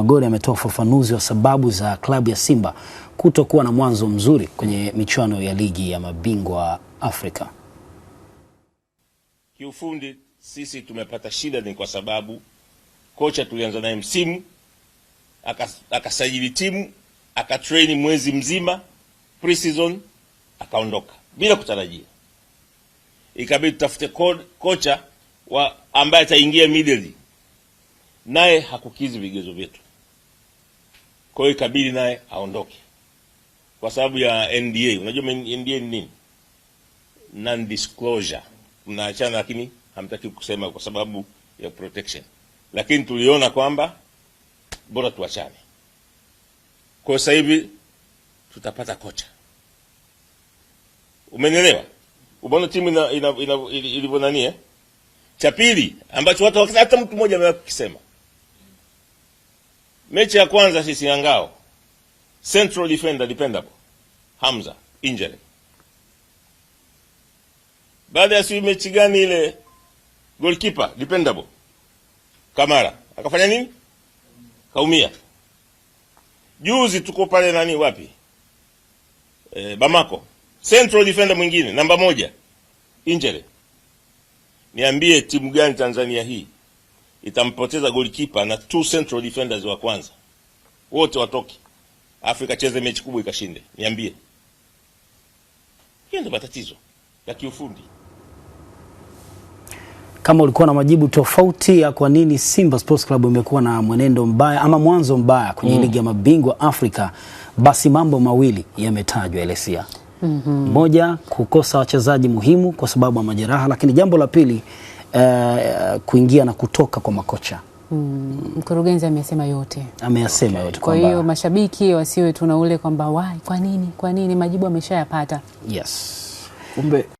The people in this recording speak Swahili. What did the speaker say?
magori ametoa ufafanuzi wa sababu za klabu ya Simba kutokuwa na mwanzo mzuri kwenye michuano ya ligi ya mabingwa Afrika. Kiufundi sisi tumepata shida, ni kwa sababu kocha tulianza naye msimu akasajili aka timu akatraini mwezi mzima pre-season akaondoka bila kutarajia, ikabidi tutafute ko, kocha wa ambaye ataingia immediately, naye hakukizi vigezo vyetu. Kwa hiyo ikabidi naye aondoke kwa sababu ya NDA. Unajua NDA ni nini? Non disclosure, mnaachana lakini hamtaki kusema kwa sababu ya protection, lakini tuliona kwamba bora tuachane. Kwa sasa hivi tutapata kocha, umenielewa? Umeona timu ina, ilivyonania. Eh? Cha pili ambacho hata mtu mmoja amewahi kukisema Mechi ya kwanza sisi na Ngao, central defender dependable Hamza injury. Baada ya siyo mechi gani ile, goalkeeper dependable Kamara akafanya nini? Kaumia. Juzi tuko pale nani, wapi e, Bamako, central defender mwingine namba moja injury. Niambie timu gani Tanzania hii itampoteza golikipa na two central defenders wa kwanza wote watoke, afu ikacheze mechi kubwa ikashinde. Niambie, hiyo ndio matatizo ya kiufundi. Kama ulikuwa na majibu tofauti ya kwa nini Simba Sports Club imekuwa na mwenendo mbaya ama mwanzo mbaya kwenye mm. ligi ya mabingwa Afrika, basi mambo mawili yametajwa Elesia. Mm -hmm. Moja, kukosa wachezaji muhimu kwa sababu ya majeraha, lakini jambo la pili uh, kuingia na kutoka kwa makocha mm. Mkurugenzi amesema yote, ameyasema okay. yote kwa hiyo mashabiki wasiwe tuna ule kwamba wai, kwa nini, kwa nini, majibu ameshayapata. Yes, kumbe